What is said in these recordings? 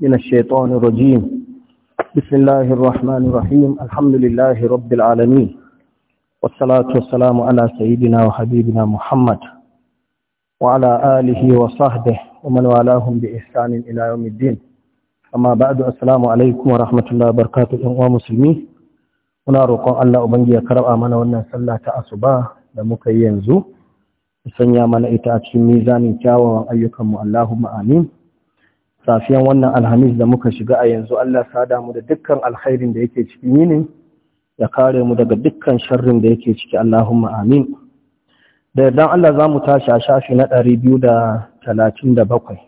من الشيطان الرجيم بسم الله الرحمن الرحيم الحمد لله رب العالمين والصلاة والسلام على سيدنا وحبيبنا محمد وعلى آله وصحبه ومن والاهم بإحسان إلى يوم الدين amma ba'du assalamu alaikum wa rahmatullahi barkatu ɗan uwa musulmi muna roƙon Allah ubangi ya karɓa mana wannan sallah ta asuba da muka yi yanzu sanya mana ita a cikin mizanin kyawawan ayyukanmu Allahumma amin safiyan wannan alhamis da muka shiga a yanzu Allah sada mu da dukkan alkhairin da yake ciki yini ya kare mu daga dukkan sharrin da yake ciki Allahumma amin da yardan Allah za mu tashi a shafi na ɗari biyu da talatin da bakwai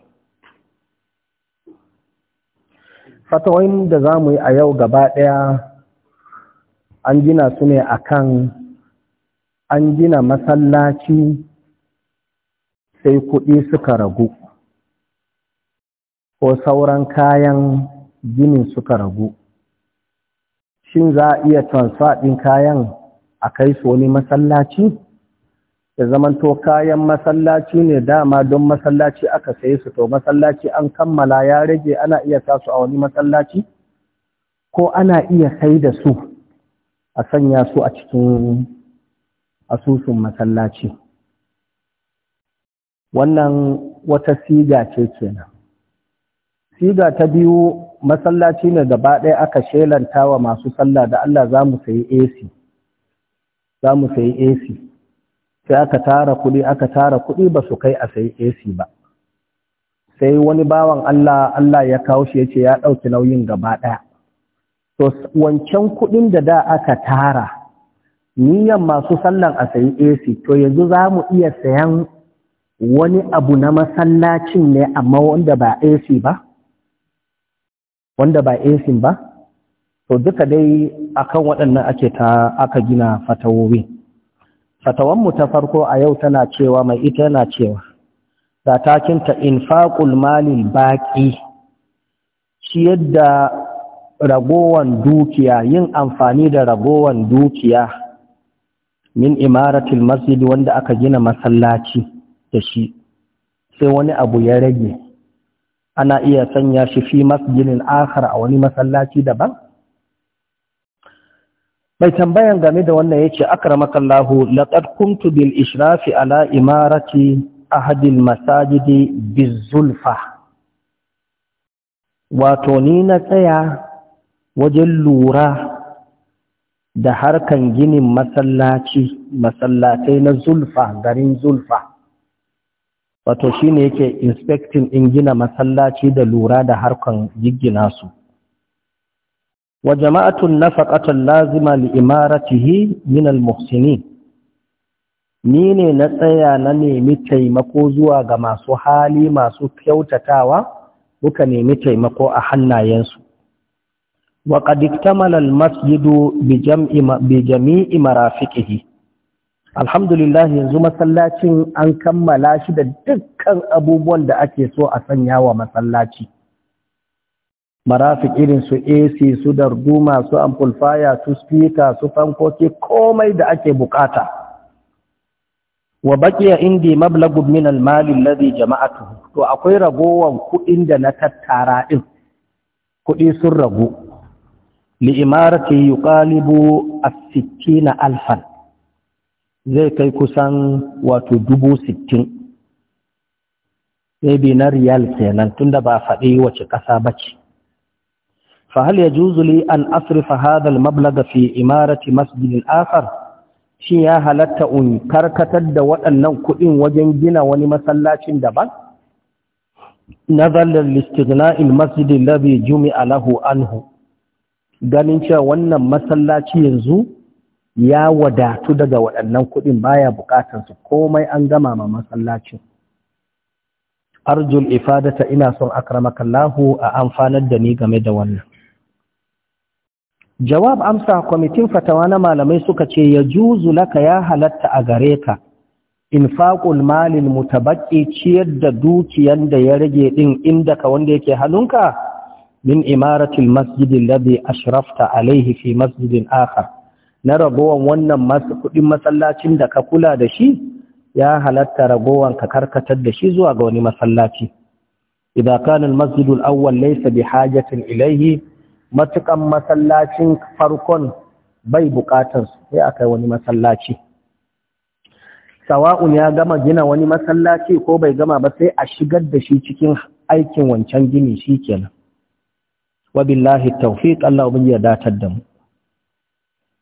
fatawoyin da za mu yi a yau gaba ɗaya an gina su ne akan an gina masallaci sai kuɗi suka ragu ko sauran kayan ginin suka ragu shin za a iya transfer kayan a kai su wani masallaci da zamanto kayan masallaci ne dama don masallaci aka saye su to masallaci an kammala ya rage ana iya sa su a wani masallaci ko ana iya sai da su a sanya su a cikin asusun masallaci wannan wata siga ce kenan siga ta biyu masallaci ne gaba ɗaya aka shelanta wa masu sallah da Allah za mu sayi AC za mu sayi AC sai aka tara kuɗi aka tara kuɗi ba su kai a sayi AC ba sai wani bawan Allah Allah ya kawo shi ya ce ya ɗauki nauyin gaba ɗaya to wancan kuɗin da da aka tara niyan masu sallan a sayi AC to yanzu za mu iya sayan wani abu na masallacin ne amma wanda ba AC ba wanda ba esin ba to duka dai akan waɗannan ake ta aka gina fatawowi mu ta farko a yau tana cewa mai ita yana cewa da takinta infaqul malil baƙi shi da ragowan dukiya yin amfani da ragowan dukiya min imaratul masjid wanda aka gina masallaci da shi sai wani abu ya rage ana iya sanya shi fi ginin akhar a wani masallaci daban mai tambayan game da wannan yace akramakallahu laqad kuntu bil ishrafi ala imarati ahadi al masajidi bizulfa wato ni na tsaya wajen lura da harkan ginin masallaci masallatai na zulfa garin zulfa wato shine yake inspecting in gina masallaci da lura da harkan jigina su wa jama'atun faƙatar lazima li imaratihi minal muhsini ni ne na tsaya na nemi taimako zuwa ga masu hali masu kyautatawa muka nemi taimako a hannayensu wa qad iktamala al masjidu bi jami'i marafiƙihi alhamdulillah yanzu masallacin an kammala shi da dukkan abubuwan da ake so a sanya wa masallaci marafik irin su ac su darduma su amplifier su speaker su fankoki komai da ake bukata wa baqiya indi mablagu min al-mali alladhi jama'atuhu to akwai ragowan kuɗin da na tattara din kuɗi sun ragu li imarati yuqalibu as-60 alfan zai kai kusan wato dubu sittin ɗabi na riyal kenan tunda ba faɗi wace ƙasa ba ce fahal ya juzuli an asrifa hadal mablaga fi imarati masjidin Asar, shi ya halatta un karkatar da waɗannan kuɗin wajen gina wani masallacin daban nazalar listighna'il masjidin labi jumi'a lahu anhu ganin cewa wannan masallaci yanzu ya wadatu daga waɗannan kuɗin baya buƙatar su komai an gama ma masallacin arjul ifadata ina son akramakallahu a amfanar da ni game da wannan jawab amsa kwamitin fatawa na malamai suka ce ya juzu laka ya halatta a gare ka in faƙul malil mutabaƙi ciyar da dukiyan da ya rage ɗin, inda ka wanda yake hannunka min imaratul masjidin ladhi ashrafta alaihi fi masjidin akhar na ragowan wannan masu kuɗin masallacin da ka kula da shi ya halatta ragowan ka karkatar da shi zuwa ga wani masallaci idan kanin masjidul masjid al-awwal laysa bi hajatin ilayhi matukan masallacin farkon bai buƙatar su sai akai wani masallaci sawa'un ya gama gina wani masallaci ko bai gama ba sai a shigar da shi cikin aikin wancan gini shikenan wabillahi tawfiq Allah ubangiji ya datar da mu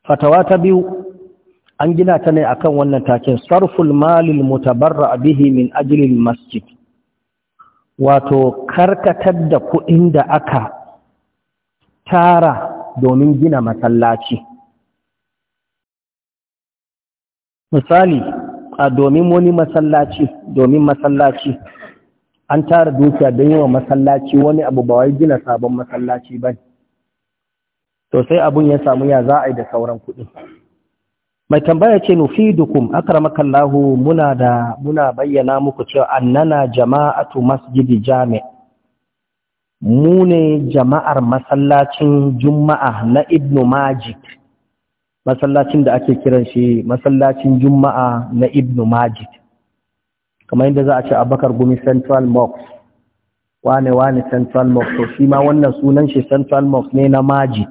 fatawa ta biyu an gina ta ne akan wannan takin, sarful malil mutabarra bihi min ajlil masjid wato karkatar da kuɗin da aka tara domin gina masallaci misali a domin wani masallaci domin masallaci an tara dukiya don yi wa masallaci wani abu ba wai gina sabon masallaci ba to sai abun ya samu ya za a yi da sauran kuɗi mai tambaya ce nufidukum akramakallahu muna da muna bayyana muku cewa annana jama'atu masjidi jami' mu ne jama'ar masallacin juma'a na Ibn majid masallacin da ake kiran shi masallacin juma'a na Ibn majid kamar yadda za a ce abakar gumi central mosque wane wane central mosque to shi ma wannan sunan shi central mosque ne na majid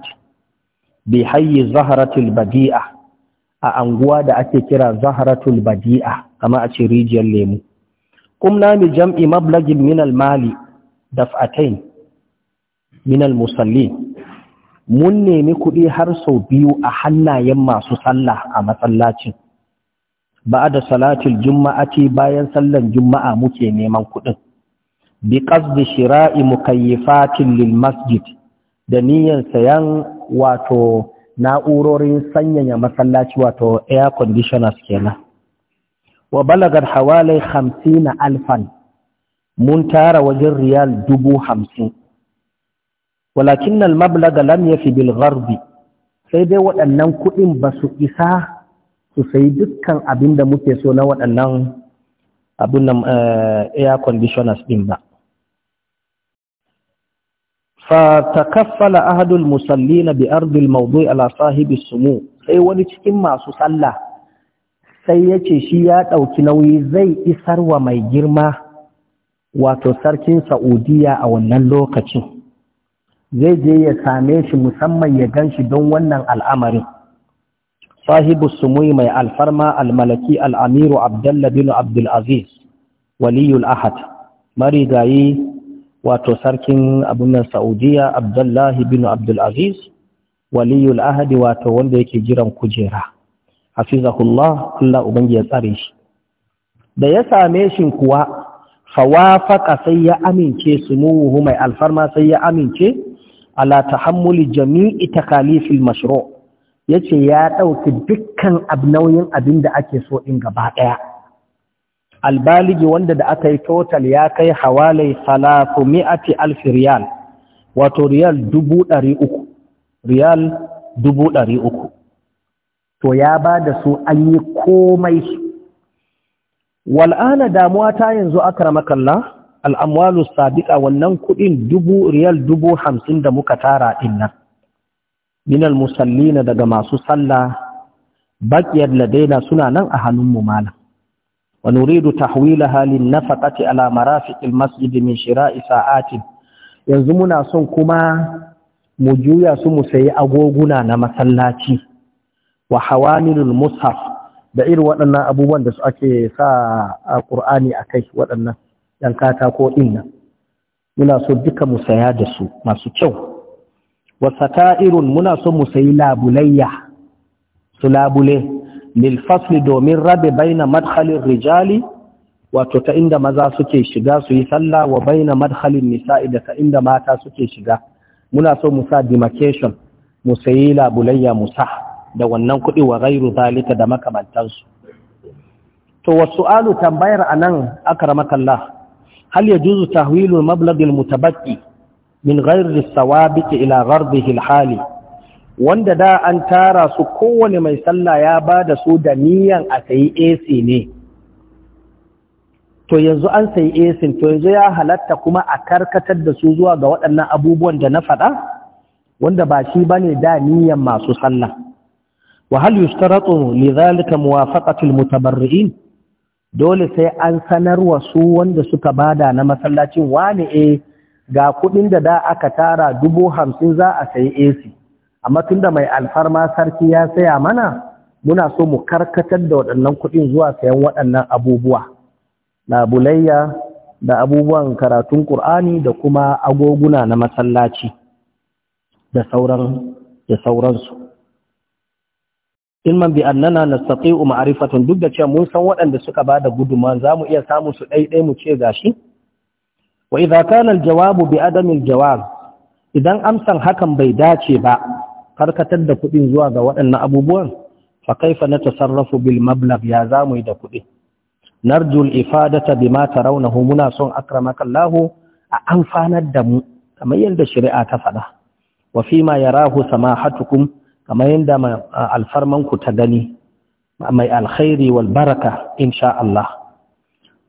bi hayyi zaharatul badi'a a anguwa da ake kira zaharatul badi'a kama a ce rijiyar lemu kumna mi jam'i mablagin minal mali daf'atain minal musalli mun nemi kuɗi har sau biyu a hannayen masu sallah a masallacin ba da salatul juma'ati bayan sallan juma'a muke neman kuɗin bi qasdi shira'i mukayyifatin lil masjid da niyyar sayan wato na'urorin sanyaya masallaci wato air conditioners kenan wa balagar hawalai hamsin na alfan mun tara wajen riyal dubu hamsin walakin nan mablaga lam ya fi bilgarbi sai dai waɗannan kuɗin ba su isa su sayi dukkan abin da muke so na waɗannan abin eh, air conditioners ɗin ba fatakaffala ahadul musallina bi ardil mawdu'i ala sahibi sumu sai wani cikin masu sallah sai yace shi ya ɗauki nauyi zai isar wa mai girma wato sarkin Saudiya a wannan lokacin zai je ya same shi musamman ya gan shi don wannan al'amarin sahibu Sumu mai alfarma almalaki al'amiru abdullah bin abdulaziz waliyul ahad marigayi wato sarkin abin nan Saudiya Abdullahi bin Abdul Aziz waliyul ahadi wato wanda yake jiran kujera hafizahullah Allah ubangi ya tsare shi da ya same shi kuwa fawafaqa sai ya amince su sunuhu mai alfarma sai ya amince ala tahammuli jami'i takalifil mashru' yace ya dauki dukkan abnauyin da ake so din gaba daya albaligi wanda da aka yi total ya kai hawalai salatu mi'ati alfi riyal wato riyal dubu ɗari uku riyal dubu ɗari uku to ya ba da su an yi komai su wal'ana damuwa ta yanzu aka ramakalla al'amwalu sadiqa wannan kuɗin dubu riyal dubu hamsin da muka tara ɗin nan minal musallina daga masu sallah baƙiyar ladaina suna nan a hannun mu malam ونريد تحويلها للنفقة على مرافق المسجد من شراء ساعات ينزمنا سنكما مجويا سمسي أغوغنا نمسلاتي وحوامل المصحف دعير وأننا أبوان دس أكي سا قرآني أكي وأننا ينكاتا كو إنا muna so duka mu saya da su masu kyau wasata'irun muna so mu sayi labulayya su labule lilfasli domin rabe baina madhalin rijali wato ta inda maza suke shiga su yi sallah wa baina madhalin nisa'i da ta inda mata suke shiga muna so mu sa demarcation mu sayi labulayya musa da wannan kuɗi wa gairu zalika da makamantansu to wasu alu tambayar anan akramakallah hal yajuzu tahwilu mablagil mutabaqi min ghairi sawabiqi ila ghardihi al wanda da an tara su kowane mai sallah ya ba da su da niyan a sayi AC ne to yanzu an sayi AC to yanzu ya halatta kuma a karkatar da su zuwa ga waɗannan abubuwan da na faɗa wanda ba shi ba ne da niyan masu sallah wa hal yustaratu li zalika muwafaqatu mutabarri'in dole sai an sanarwa su wanda suka bada na masallacin wane eh ga kuɗin da da aka tara dubu hamsin za a sayi AC amma tunda mai alfarma sarki ya saya mana muna so mu karkatar da waɗannan kuɗin zuwa sayan waɗannan abubuwa na bulayya da abubuwan karatun ƙur'ani da kuma agoguna na masallaci da sauran da sauransu ilman bi annana nastati'u ma'rifatan duk da cewa mun san waɗanda suka bada za zamu iya samu su ɗai mu ce gashi wa idza kana al-jawabu bi adami al idan amsan hakan bai dace ba karkatar da kuɗin zuwa ga waɗannan abubuwan fa kaifa natasarrafu bil mablagh ya zamu yi da kuɗi narju al ifadata bima tarawnahu muna son akramakallahu a amfanar da mu kamar yadda shari'a ta faɗa wa fi ma yarahu samahatukum kamar yadda alfarman ku ta gani mai alkhairi wal baraka insha Allah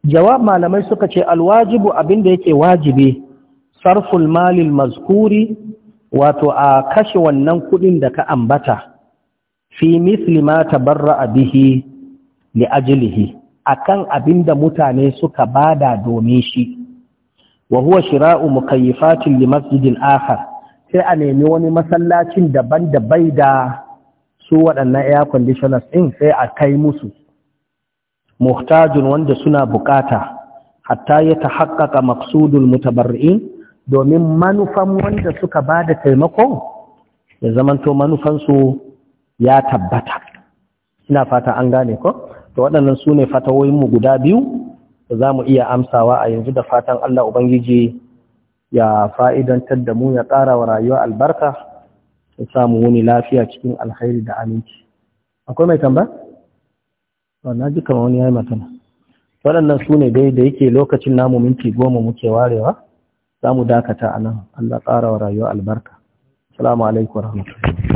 jawab malamai suka ce alwajibu abinda yake wajibi sarful malil mazkuri wato a kashe wannan kuɗin da ka ambata fi misli ma tabarra bihi li ajlihi akan abinda mutane suka bada domin shi wa huwa shira'u mukayyifatin li masjidin akhar sai a nemi wani masallacin daban da bai da su waɗannan air conditioners din sai a kai musu muhtajun wanda suna bukata hatta ya tahaqqaqa maqsudul mutabarri'in domin manufan wanda suka ba da taimako ya zamanto manufansu ya tabbata ina fata an gane ko to waɗannan su ne fatawoyinmu guda biyu da za mu iya amsawa a yanzu da fatan Allah Ubangiji ya fa'idantar da mu ya ƙara wa rayuwa albarka ya samu wuni lafiya cikin alhairi da aminci akwai mai tamba? na ji kama wani ya yi matana waɗannan su ne dai da yake lokacin namu minti goma muke warewa za mu dakata a nan Allah ƙara wa rayuwa albarka. Salamu alaikum warahmatullahi